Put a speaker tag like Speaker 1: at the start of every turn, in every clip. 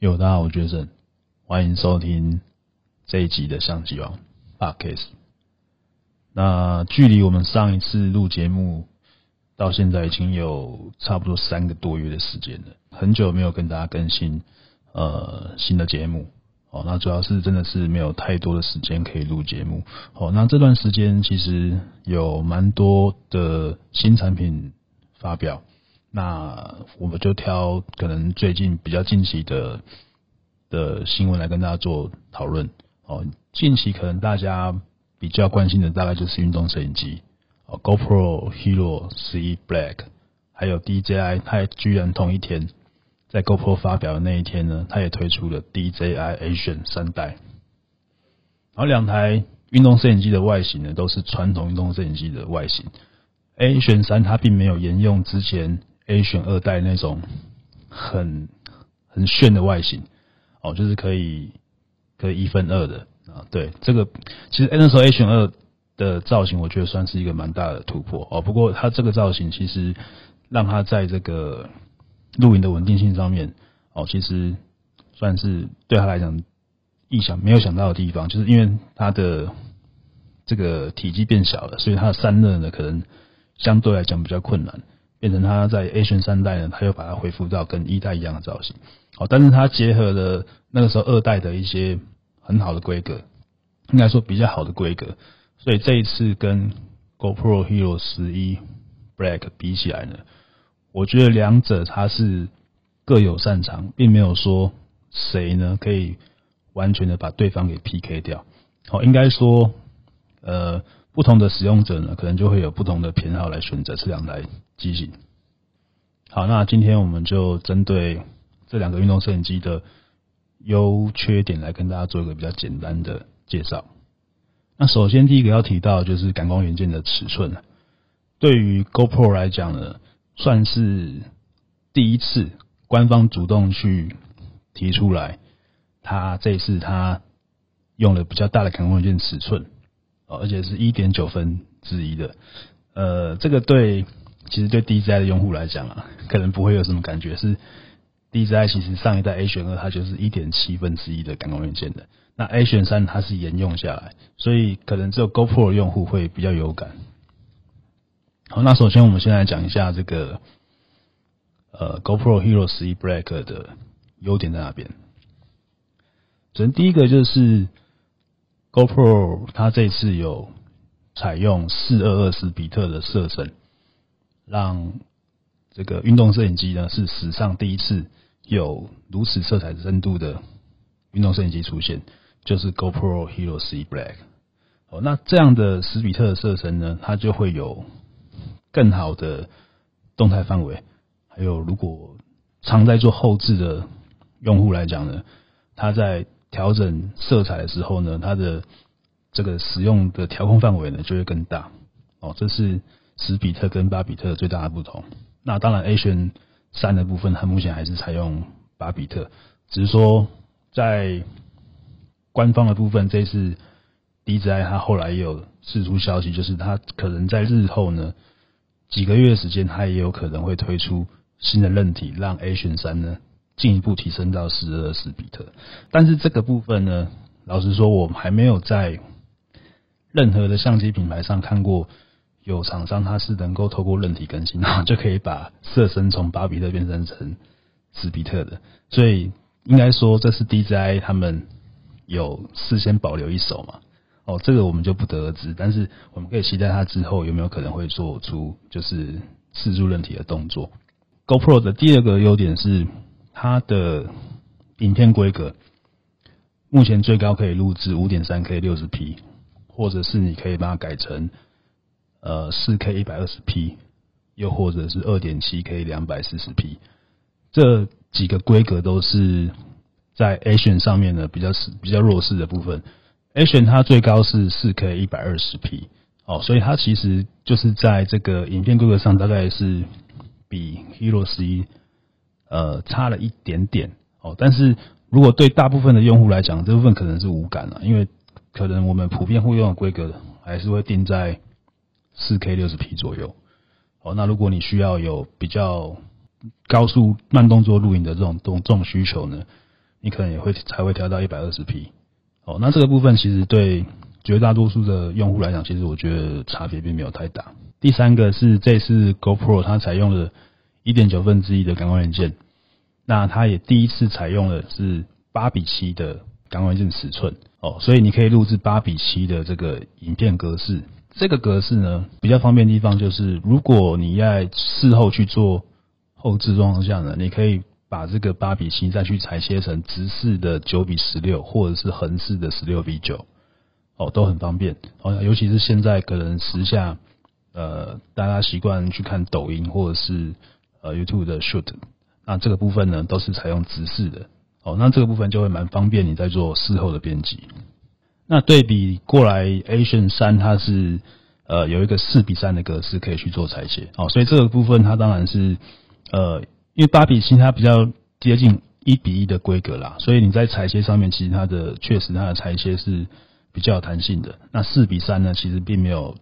Speaker 1: Yo，大家好，我覺得，歡迎收聽這一集的相機王 Podcast。那距離我們上一次錄節目到現在已經有差不多三個多月的時間了，很久沒有跟大家更新呃新的節目。哦，那主要是真的是沒有太多的時間可以錄節目。哦，那這段時間其實有蠻多的新產品發表，那我們就挑可能最近比較近期的的新聞來跟大家做討論。哦，近期可能大家比較關心的大概就是運動攝影機，哦，GoPro Hero 11 Black，還有 DJI，它居然同一天。在 GoPro 發表的那一天呢，他也推出了 DJI Action 三代。然後兩台運動攝影機的外形呢，都是傳統運動攝影機的外形。Action 三它並沒有沿用之前 Action 二代那種很很炫的外形，哦，就是可以可以一分二的啊、哦。對，這個其實那時候 Action 二的造型，我覺得算是一個蠻大的突破哦。不過它這個造型其實讓它在這個錄影的穩定性上面，哦，其實算是對他來講意想沒有想到的地方，就是因為他的這個體積變小了，所以他的散熱呢，可能相對來講比較困難，變成他在 Action 三代呢，他又把它恢復到跟一代一樣的造型，好，哦，但是它結合了那個時候二代的一些很好的規格，應該說比較好的規格，所以這一次跟 GoPro Hero 11 Black 比起來呢，我覺得兩者它是各有擅長，並沒有說誰呢可以完全的把對方給 PK 掉。好，應該說，呃，不同的使用者呢，可能就會有不同的偏好來選擇這兩台機型。好，那今天我們就針對這兩個運動攝影機的優缺點來跟大家做一個比較簡單的介紹。那首先第一個要提到的就是感光元件的尺寸，對於 GoPro 來講呢。算是第一次官方主動去提出來，他這一次他用了比較大的感光元件尺寸，呃，而且是一點九分之一的，呃，這個對其實對 DJI 的用戶來講啊，可能不會有什麼感覺，是 DJI 其實上一代 A 選二它就是一點七分之一的感光元件的，那 A 選三它是沿用下來，所以可能只有 GoPro 的用戶會比較有感。好，那首先我們先來講一下這個，呃，GoPro Hero 十一 Black 的優點在哪邊？首先第一個就是 GoPro 它這次有採用四二二十比特的色深，讓這個運動攝影機呢是史上第一次有如此色彩的深度的運動攝影機出現，就是 GoPro Hero 十一 Black。好，那這樣的10比特的色深呢，它就會有。更好的動態範圍，還有如果常在做後製的用戶來講呢，他在調整色彩的時候呢，它的這個使用的調控範圍呢就會更大。哦，這是十比特跟八比特最大的不同。那當然 Action 3的部分，它目前還是採用八比特，只是說在官方的部分，這一次 DJI 它後來也有釋出消息，就是它可能在日後呢。幾個月的時間，它也有可能會推出新的韌體讓3，讓 Action 3呢進一步提升到十二、十比特。但是這個部分呢，老實說，我們還沒有在任何的相機品牌上看過有廠商它是能夠透過韌體更新然後就可以把色深從八比特變成成十比特的。所以應該說，這是 DJI 他們有事先保留一手嘛。哦，這個我們就不得而知，但是我們可以期待它之後有沒有可能會做出就是四柱人體的動作。GoPro 的第二個優點是它的影片規格，目前最高可以錄制五點三 K 六十 P，或者是你可以把它改成呃四 K 一百二十 P，又或者是二點七 K 兩百四十 P，這幾個規格都是在 Action 上面的比較是比較弱勢的部分。Action 它最高是四 K 一百二十 P，哦，所以它其實就是在這個影片規格上，大概是比 Hero 11，呃差了一點點，哦，但是如果對大部分的用戶來講，這部分可能是無感了，因為可能我們普遍會用的規格還是會定在四 K 六十 P 左右，哦，那如果你需要有比較高速慢動作錄影的這種動這種需求呢，你可能也會才會調到一百二十 P。哦，那這個部分其實對絕大多數的用戶來講，其實我覺得差別並沒有太大。第三個是這次 GoPro 它採用了一點九分之一的感光元件，那它也第一次採用的是八比七的感光元件尺寸，哦，所以你可以錄制八比七的這個影片格式。這個格式呢比較方便的地方就是，如果你在事後去做後置裝下呢，你可以。把這個八比七再去裁切成直式的九比十六，或者是橫式的十六比九，哦，都很方便。哦，尤其是現在可能時下，呃，大家習慣去看抖音或者是呃 YouTube 的 Shorts，那這個部分呢都是採用直式的，哦，那這個部分就會蠻方便你在做事後的編輯。那對比過來，Action 3它是呃有一個四比三的格式可以去做裁切，哦，所以這個部分它當然是呃。因為八比七它比較接近一比一的規格啦，所以你在裁切上面，其實它的確實它的裁切是比較有彈性的。那四比三呢，其實並沒有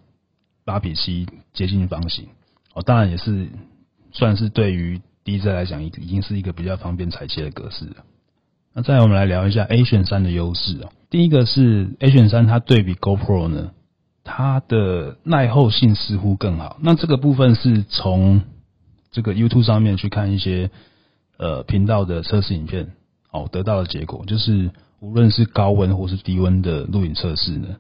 Speaker 1: 八比七接近方形哦、喔，當然也是算是對於 DJI 來講，已經是一個比較方便裁切的格式了。那再來我們來聊一下 Action 3的優勢哦，第一個是 Action 3它對比 GoPro 呢，它的耐候性似乎更好。那這個部分是從這個 YouTube 上面去看一些呃頻道的測試影片，哦，得到的結果就是無論是高溫或是低溫的錄影測試呢，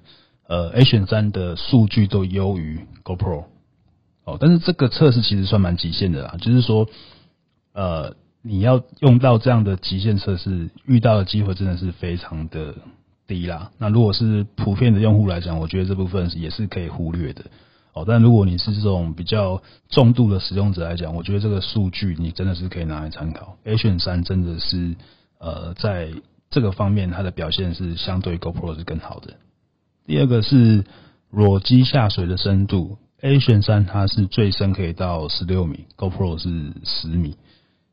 Speaker 1: 呃，Action 3的數據都優於 GoPro，哦，但是這個測試其實算蠻極限的啦，就是說，呃，你要用到這樣的極限測試，遇到的機會真的是非常的低啦。那如果是普遍的用戶來講，我覺得這部分也是可以忽略的。哦，但如果你是這種比較重度的使用者來講，我覺得這個數據你真的是可以拿來參考。Action 3真的是，呃，在這個方面它的表現是相對 GoPro 是更好的。第二個是裸機下水的深度，Action 3它是最深可以到十六米，GoPro 是十米。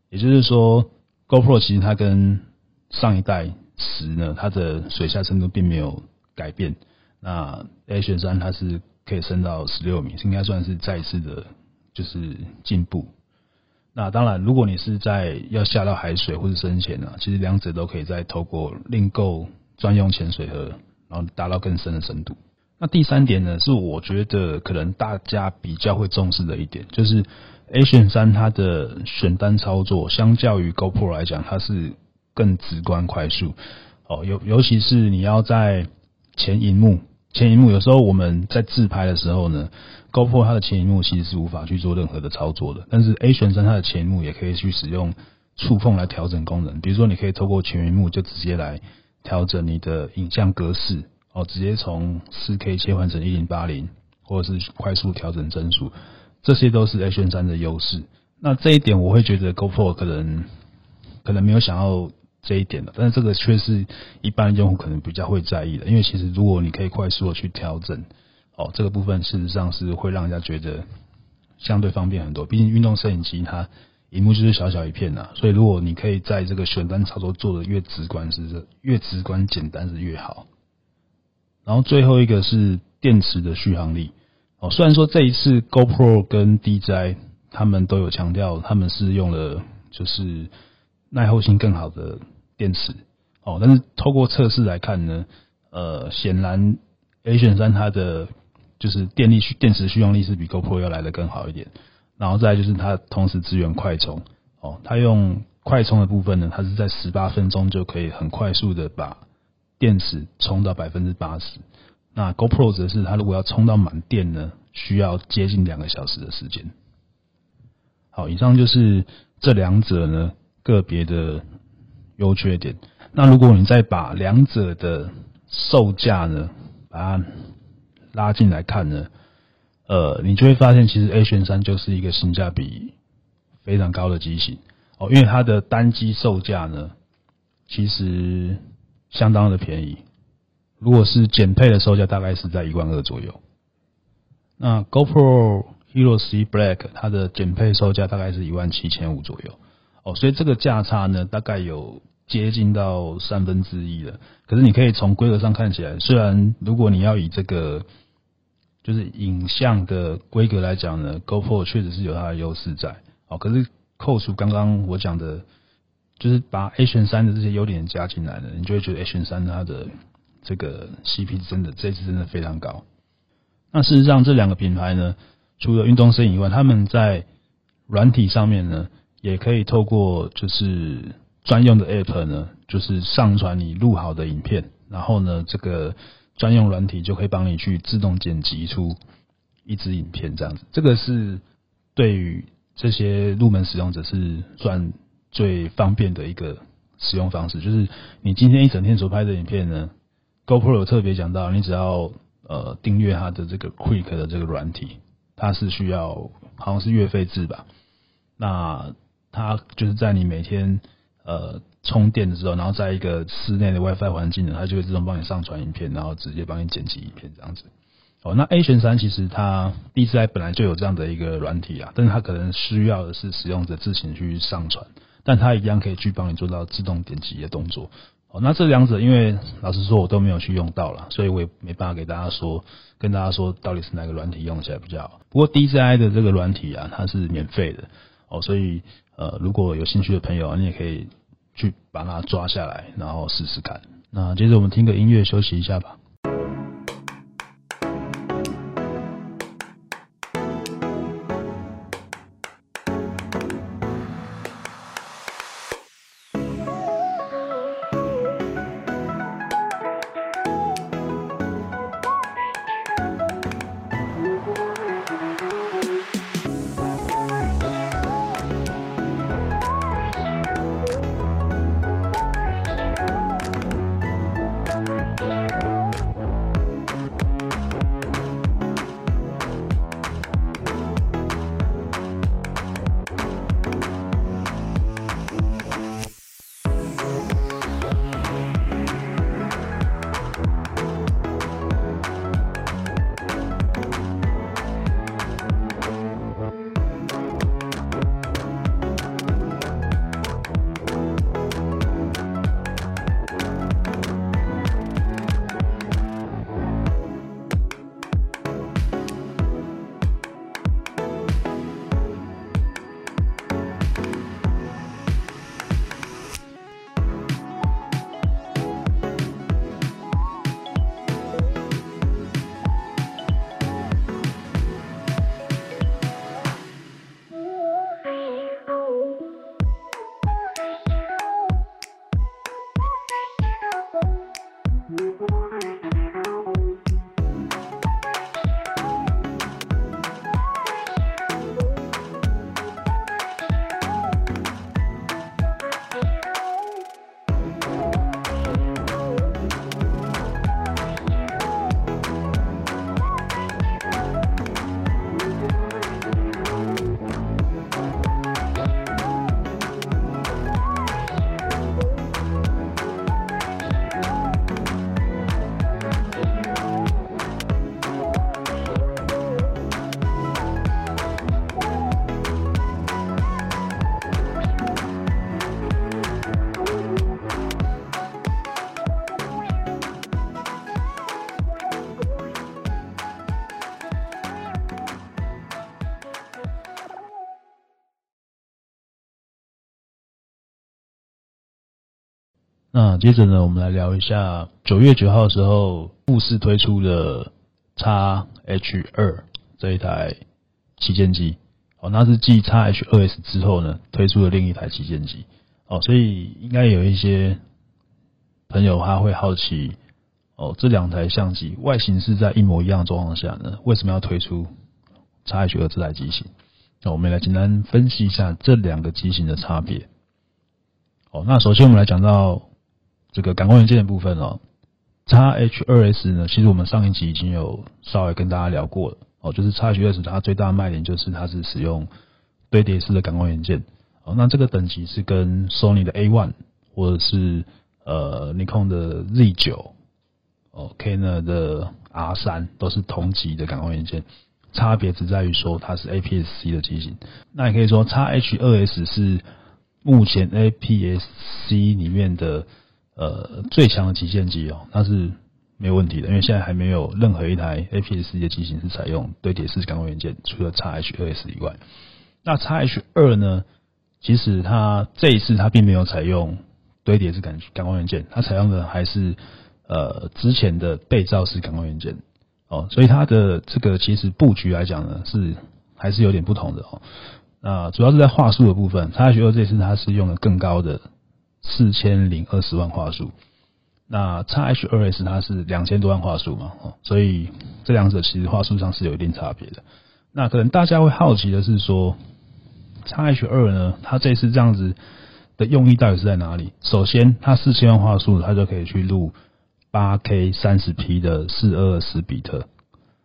Speaker 1: 也就是說，GoPro 其實它跟上一代十呢，它的水下深度並沒有改變。那 Action 3它是。可以升到十六米，應該算是再次的，就是進步。那當然，如果你是在要下到海水或者深潛啊，其實兩者都可以再透過另購專用潛水盒，然後達到更深的深度。那第三點呢，是我覺得可能大家比較會重視的一點，就是 Action 3它的選單操作，相較於 GoPro 來講，它是更直觀快速。哦，尤尤其是你要在前熒幕。前螢幕，有時候我們在自拍的時候呢，GoPro 它的前螢幕其實是無法去做任何的操作的。但是 Action 3它的前螢幕也可以去使用觸碰來調整功能，比如說你可以透過全螢幕就直接來調整你的影像格式，哦，直接從 4K 切換成1080，或者是快速調整幀數，這些都是 Action 3的優勢。那這一點我會覺得 GoPro 可能可能沒有想要這一點的，但是這個卻是一般用戶可能比較會在意的，因為其實如果你可以快速的去調整，哦，這個部分事實上是會讓人家覺得相對方便很多。畢竟運動攝影機它熒幕就是小小一片吶，所以如果你可以在這個選單操作做的越直觀是越直觀簡單是越好。然後最後一個是電池的續航力，哦，雖然說這一次 GoPro 跟 DJI 他們都有強調他們是用了就是耐候性更好的。電池，哦，但是透過測試來看呢，呃，顯然 Action 3它的就是電力續電池續航力是比 GoPro 要來的更好一點，然後再來就是它同時支援快充，哦，它用快充的部分呢，它是在十八分鐘就可以很快速的把電池充到百分之八十，那 GoPro 則是它如果要充到滿電呢，需要接近兩個小時的時間。好，以上就是這兩者呢個別的。優缺點，那如果你再把兩者的售價呢，把它拉進來看呢，呃，你就會發現其實 Action 3就是一個性價比非常高的機型哦，因為它的單機售價呢，其實相當的便宜，如果是減配的售價大概是在一萬二左右，那 GoPro Hero 11 Black 它的減配售價大概是一萬七千五左右。哦，所以這個價差呢，大概有接近到三分之一了。可是你可以從規格上看起來，雖然如果你要以這個就是影像的規格來講呢，GoPro 確實是有它的優勢在。哦，可是扣除剛剛我講的，就是把 Action 3的這些優點加進來了，你就會覺得 Action 3它的這個 CP 值，真的這次真的非常高。那事實上這兩個品牌呢，除了運動攝影以外，他們在軟體上面呢？也可以透過就是專用的 App 呢，就是上傳你錄好的影片，然後呢，這個專用軟體就可以幫你去自動剪輯出一支影片這樣子。這個是對於這些入門使用者是算最方便的一個使用方式，就是你今天一整天所拍的影片呢，GoPro 有特別講到，你只要呃訂閱它的這個 Quick 的這個軟體，它是需要好像是月費制吧，那。它就是在你每天呃充電的時候，然後在一個室內的 WiFi 環境呢，它就會自動幫你上傳影片，然後直接幫你剪輯影片這樣子。哦，那 Action 3，其實它 DJI 本來就有這樣的一個軟體啊，但是它可能需要的是使用者自行去上傳，但它一樣可以去幫你做到自動剪輯的動作。哦，那這兩者，因為老實說，我都沒有去用到啦，所以我也沒辦法給大家說，跟大家說到底是哪個軟體用起來比較好。不過 DJI 的這個軟體啊，它是免費的，哦，所以。呃，如果有興趣的朋友，你也可以去把它抓下來，然後試試看。那接着我們聽個音樂休息一下吧。那接着呢，我們來聊一下九月九號的時候，富士推出的 XH 二這一台旗艦機。哦，那是繼 XH 二 S 之後呢，推出了另一台旗艦機。哦，所以應該有一些朋友他會好奇，哦，這兩台相機外形是在一模一樣的狀況下呢，為什麼要推出 XH 二這台機型？那我們也來簡單分析一下這兩個機型的差別。哦，那首先我們來講到。這個感光元件的部分哦，X H 二 S 呢，其實我們上一集已經有稍微跟大家聊過了哦，就是 X H 二 S 它最大的賣點就是它是使用堆疊式的感光元件哦，那這個等級是跟 Sony 的 A One 或者是呃 Nikon 的 Z 九哦 Canon 的 R 三都是同級的感光元件，差別只在於說它是 APS C 的機型，那也可以說 X H 二 S 是目前 APS C 裡面的。呃，最強的旗艦機哦，那是沒有問題的，因為現在還沒有任何一台 APS-C 的機型是採用堆疊式感光元件，除了 X-H2S 以外，那 X-H2 呢，其實它這一次它並沒有採用堆疊式感感光元件，它採用的還是呃之前的背照式感光元件哦，所以它的這個其實佈局來講呢，是還是有點不同的哦，那主要是在畫素的部分，X-H2 這一次它是用了更高的。四千零二十萬畫素，那 XH 二 S 它是兩千多萬畫素嘛，哦，所以這兩者其實畫素上是有一定差別的。那可能大家會好奇的是說，XH 二呢，它這次這樣子的用意到底是在哪裡？首先，它四千萬畫素，它就可以去錄八 K 三十 P 的四二零比特，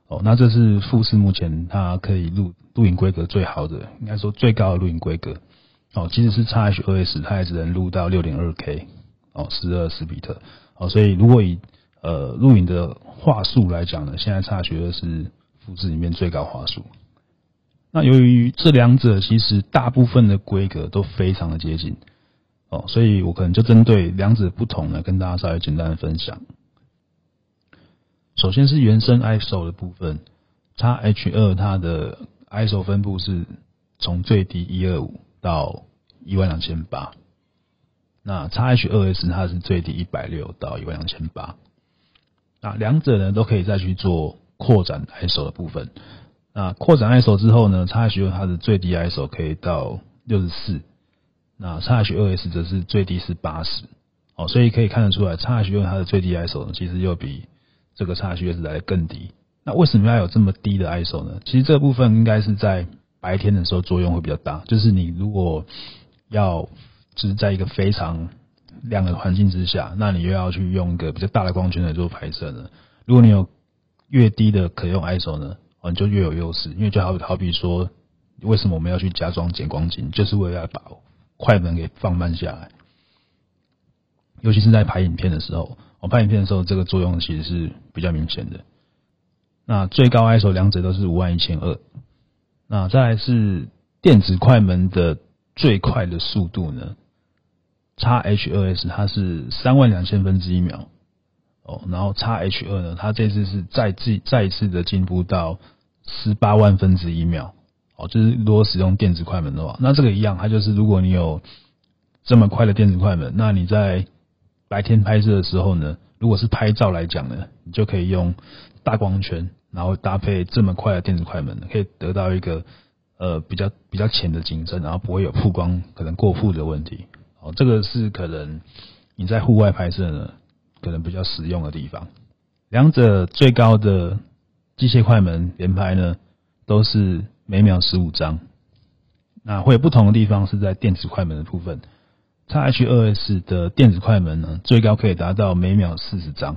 Speaker 1: 哦，那這是富士目前它可以錄錄影規格最好的，應該說最高的錄影規格。哦，即使是 XH2S，它也只能錄到六點二 K，哦，十二十比特，哦，所以如果以呃錄影的畫素來講呢，現在 XH2 是複製裡面最高畫素。那由於這兩者其實大部分的規格都非常的接近，哦，所以我可能就針對兩者不同呢，跟大家稍微簡單的分享。首先是原生 ISO 的部分，XH2 它的 ISO 分布是從最低一二五。到一萬兩千八，那 X-H2S 它是最低一百六到一萬兩千八，那兩者呢都可以再去做擴展 ISO 的部分。那擴展 ISO 之後呢，X-H2 它的最低 ISO 可以到六十四，那 X-H2S 則是最低是八十。哦，所以可以看得出來，X-H2 它的最低 ISO 其實又比這個 X-H2S 來得更低。那為什麼要有這麼低的 ISO 呢？其實這個部分應該是在。白天的時候作用會比較大，就是你如果要就是在一個非常亮的環境之下，那你又要去用一個比較大的光圈來做拍攝呢。如果你有越低的可用 ISO 呢，你就越有優勢。因為就好比好比說，為什麼我們要去加裝減光鏡，就是為了把快門給放慢下來。尤其是在拍影片的時候，我拍影片的時候，這個作用其實是比較明顯的。那最高 ISO 兩者都是五萬一千二。那再來是電子快門的最快的速度呢？XH2S 它是三萬兩千分之一秒哦。然後 XH2 呢，它這次是再次再一次的進步到十八萬分之一秒哦。就是如果使用電子快門的話，那這個一樣，它就是如果你有這麼快的電子快門，那你在白天拍攝的時候呢？如果是拍照來講呢，你就可以用大光圈，然後搭配這麼快的電子快門，可以得到一個呃比較比較淺的景深，然後不會有曝光可能過曝的問題。哦，這個是可能你在戶外拍攝呢，可能比較實用的地方。兩者最高的機械快門連拍呢，都是每秒十五張。那會有不同的地方是在電子快門的部分。X H 二 S 的電子快門呢，最高可以達到每秒四十張，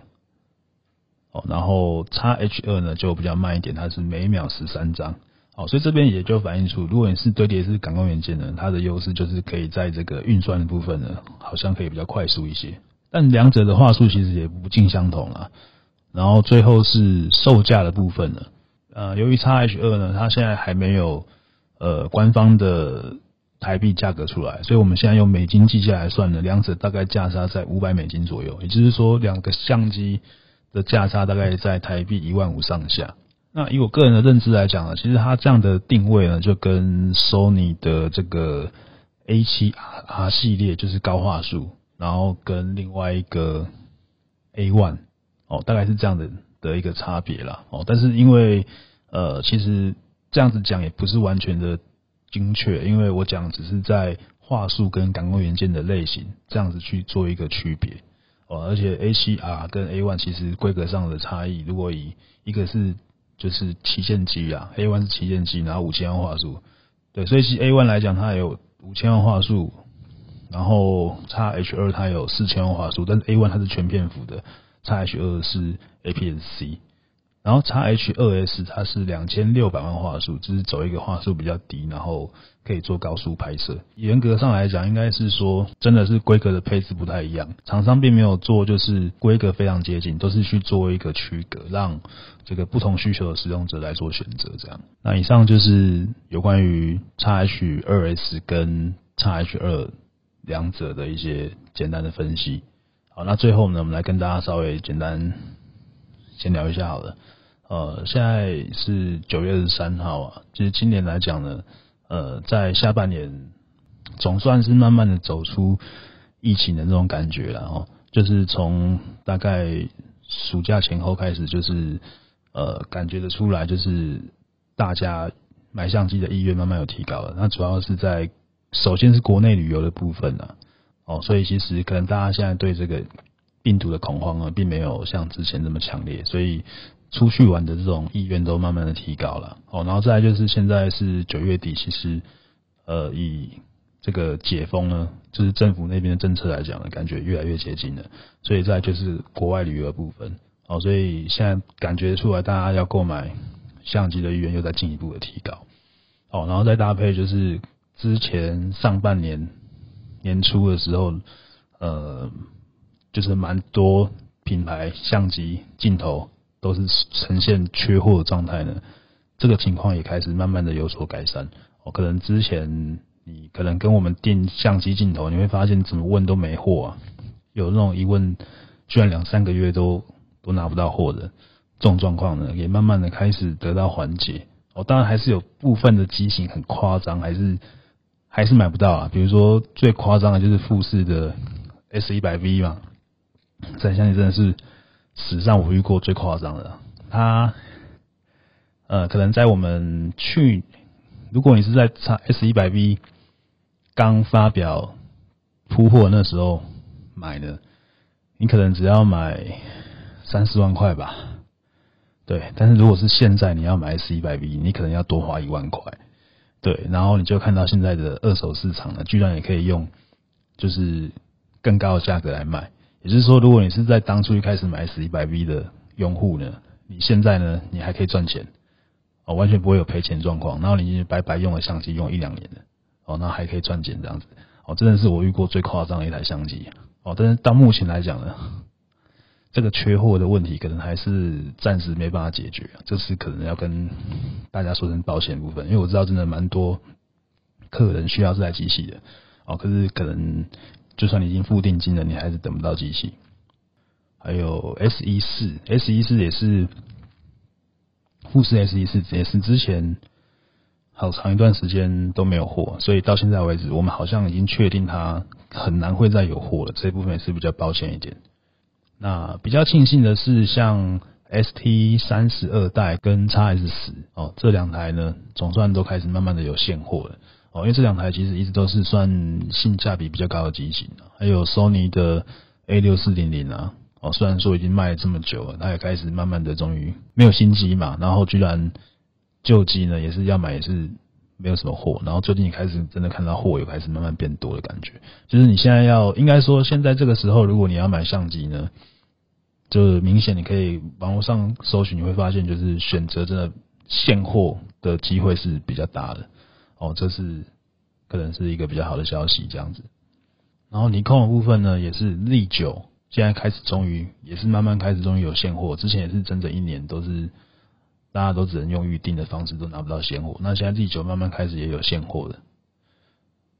Speaker 1: 哦，然後 X H 二呢就比較慢一點，它是每秒十三張，好，所以這邊也就反映出，如果你是堆疊式感光元件呢，它的優勢就是可以在這個運算的部分呢，好像可以比較快速一些，但兩者的畫素其實也不盡相同啦。然後最後是售價的部分呢，呃，由於 X H 二呢，它現在還沒有呃官方的。台幣價格出來，所以我們現在用美金計價來算呢，兩者大概價差在五百美金左右，也就是說，兩個相機的價差大概在台幣一萬五上下。那以我個人的認知來講呢，其實它這樣的定位呢，就跟 Sony 的這個 A7R 系列就是高畫素，然後跟另外一個 A1 哦，大概是這樣的的一個差別啦。哦。但是因為呃，其實這樣子講也不是完全的。精確，因為我講只是在畫素跟感光元件的類型這樣子去做一個區別哦，而且 A7R 跟 A1 其實規格上的差異，如果以一個是就是旗艦機啊，A1 是旗艦機，然後五千萬畫素，對，所以以 A1 來講，它有五千萬畫素，然後 XH2 它有四千萬畫素，但是 A1 它是全片幅的，XH2 是 APS-C。然後，X H 二 S 它是兩千六百萬畫素，就是走一個畫素比較低，然後可以做高速拍攝。嚴格上來講，應該是說真的是規格的配置不太一樣，廠商並沒有做就是規格非常接近，都是去做一個區隔，讓這個不同需求的使用者來做選擇。這樣，那以上就是有關於 X H 二 S 跟 X H 二兩者的一些簡單的分析。好，那最後呢，我們來跟大家稍微簡單。先聊一下好了，呃，現在是九月二十三號啊。其實今年來講呢，呃，在下半年總算是慢慢的走出疫情的那種感覺了哦。就是從大概暑假前後開始，就是呃，感覺得出來，就是大家買相機的意願慢慢有提高了。那主要是在首先是國內旅遊的部分啊，哦，所以其實可能大家現在對這個。病毒的恐慌啊，並沒有像之前這麼強烈，所以出去玩的這種意願都慢慢的提高了。哦，然後再來就是現在是九月底，其實，呃，以這個解封呢，就是政府那邊的政策來講呢，感覺越來越接近了。所以再來就是國外旅遊的部分，哦，所以現在感覺出來大家要購買相機的意願又在進一步的提高。哦，然後再搭配就是之前上半年年初的時候，呃。就是蠻多品牌相機鏡頭都是呈現缺貨的狀態呢，這個情況也開始慢慢的有所改善。哦，可能之前你可能跟我們定相機鏡頭，你會發現怎麼問都沒貨啊，有那種一問居然兩三個月都都拿不到貨的這種狀況呢，也慢慢的開始得到緩解。哦，當然還是有部分的機型很誇張，還是還是買不到啊。比如說最誇張的就是富士的 S 一百 V 嘛。這相機真的是史上我遇過最誇張的。他呃，可能在我們去，如果你是在 s S 一百 V 剛發表鋪貨那時候買的，你可能只要買三四萬塊吧。對，但是如果是現在你要買 S 一百 V，你可能要多花一萬塊。對，然後你就看到現在的二手市場呢，居然也可以用就是更高的價格來賣。也就是說，如果你是在當初一開始買 X100V 的用戶呢，你現在呢，你還可以賺錢哦，完全不會有賠錢狀況。然後你白白用了相機，用了一兩年的哦，那還可以賺錢這樣子哦，真的是我遇過最誇張的一台相機哦。但是到目前來講呢，這個缺貨的問題可能還是暫時沒辦法解決，這是可能要跟、嗯、大家說聲抱歉部分，因為我知道真的蠻多客人需要這台機器的哦，可是可能。就算你已經付定金了，你還是等不到機器。還有 S 一四，S 一四也是富士 S 一四也是之前好長一段時間都沒有貨，所以到現在為止，我們好像已經確定它很難會再有貨了，這部分也是比較抱歉一點。那比較慶幸的是，像 S T 三十二代跟叉 S 十哦這兩台呢，總算都開始慢慢的有現貨了。哦，因為這兩台其實一直都是算性價比比較高的機型，還有索尼的 A6400 啊，哦，雖然說已經賣了這麼久了，它也開始慢慢的，終於沒有新機嘛，然後居然舊機呢也是要買也是沒有什麼貨，然後最近開始真的看到貨又開始慢慢變多的感覺。就是你現在要應該說現在這個時候，如果你要買相機呢，就明顯你可以網絡上搜尋，你會發現就是選擇真的現貨的機會是比較大的。哦，這是可能是一個比較好的消息，這樣子。然後尼康的部分呢，也是 Z9 現在開始，終於也是慢慢開始，終於有現貨。之前也是整整一年都是大家都只能用預定的方式，都拿不到現貨。那現在 Z9 慢慢開始也有現貨了，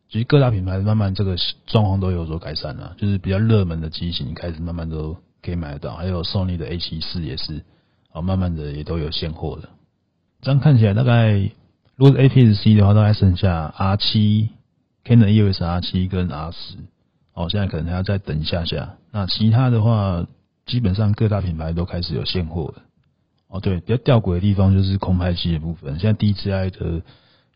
Speaker 1: 其實各大品牌慢慢這個狀況都有所改善了。就是比較熱門的機型開始慢慢都可以買得到，還有 Sony 的 A 七四，也是啊，慢慢的也都有現貨了。這樣看起來大概。如果是 APS-C 的話，大概剩下 R 七、Canon EOS R 七跟 R 十，哦，現在可能還要再等一下下。那其他的話，基本上各大品牌都開始有現貨了。哦，對，比較弔詭的地方就是空拍機的部分。現在 D J I 的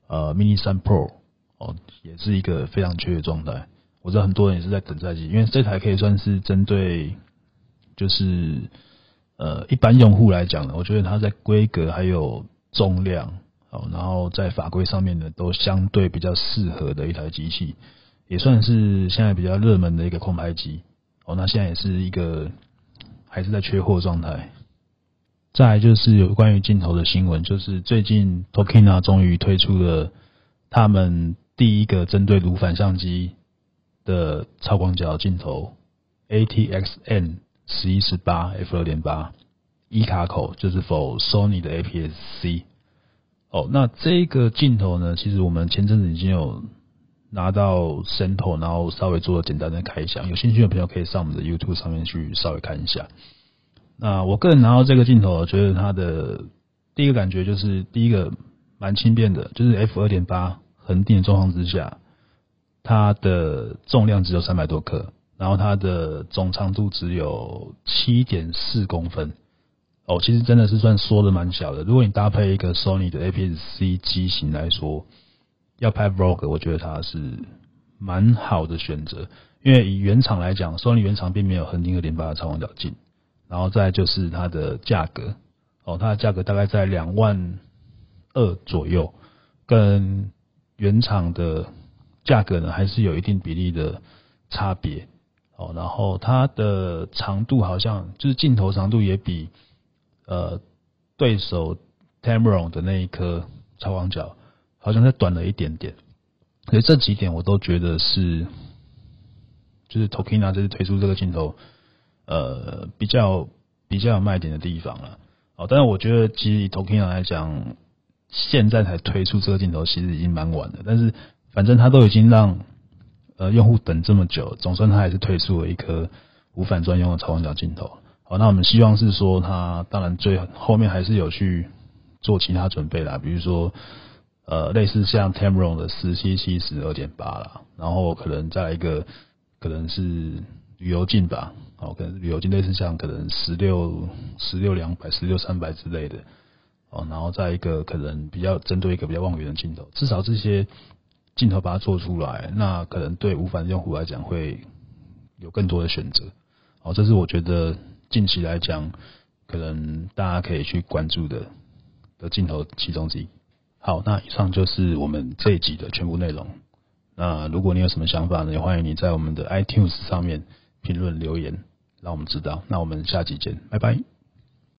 Speaker 1: 呃 Mini 三 Pro 哦，也是一個非常缺的狀態。我知道很多人也是在等待機，因為這台可以算是針對就是呃一般用戶來講的。我覺得它在規格還有重量。然後在法規上面呢，都相對比較適合的一台機器，也算是現在比較熱門的一個空拍機。哦，那現在也是一個還是在缺貨狀態。再來就是有關於鏡頭的新聞，就是最近 Tokina 終於推出了他們第一個針對無反相機的超廣角鏡頭，ATX-M 十一十八 F 2點八，E 卡口，就是 for Sony 的 APS-C。哦、oh，那這個鏡頭呢？其實我們前陣子已經有拿到 sample，然後稍微做了簡單的開箱。有興趣的朋友可以上我們的 YouTube 上面去稍微看一下。那我個人拿到這個鏡頭，我覺得它的第一個感覺就是第一個蠻輕便的，就是 f 二點八恆定狀況之下，它的重量只有三百多克，然後它的總長度只有七點四公分。哦，其實真的是算縮的蠻小的。如果你搭配一個 Sony 的 APS-C 機型來說，要拍 vlog，我覺得它是蠻好的選擇。因為以原廠來講，Sony 原廠並沒有恆定二點八的超廣角鏡。然後再來就是它的價格，哦，它的價格大概在兩萬二左右，跟原廠的價格呢還是有一定比例的差別。哦，然後它的長度好像就是鏡頭長度也比。呃，對手 Tamron 的那一顆超廣角，好像還短了一點點，所以這幾點我都覺得是，就是 Tokina 這次推出這個鏡頭，呃，比較比較有賣點的地方了。好，但是我覺得其實以 Tokina 來講，現在才推出這個鏡頭，其實已經蠻晚了，但是反正他都已經讓呃用戶等這麼久，總算他還是推出了一顆無反專用的超廣角鏡頭。哦，那我們希望是說，它當然最後面還是有去做其他準備啦，比如說，呃，類似像 Tamron 的十七七十二點八啦，然後可能再來一個，可能是旅遊鏡吧，哦，可能旅遊鏡類似像可能十六十六兩百、十六三百之類的，哦，然後再一個可能比較針對一個比較望遠的鏡頭，至少這些鏡頭把它做出來，那可能對無反用戶來講會有更多的選擇，哦，這是我覺得。近期來講，可能大家可以去關注的的鏡頭其中之一。好，那以上就是我們這一集的全部內容。那如果你有什麼想法呢，也歡迎你在我們的 iTunes 上面評論留言，讓我們知道。那我們下集見，拜拜。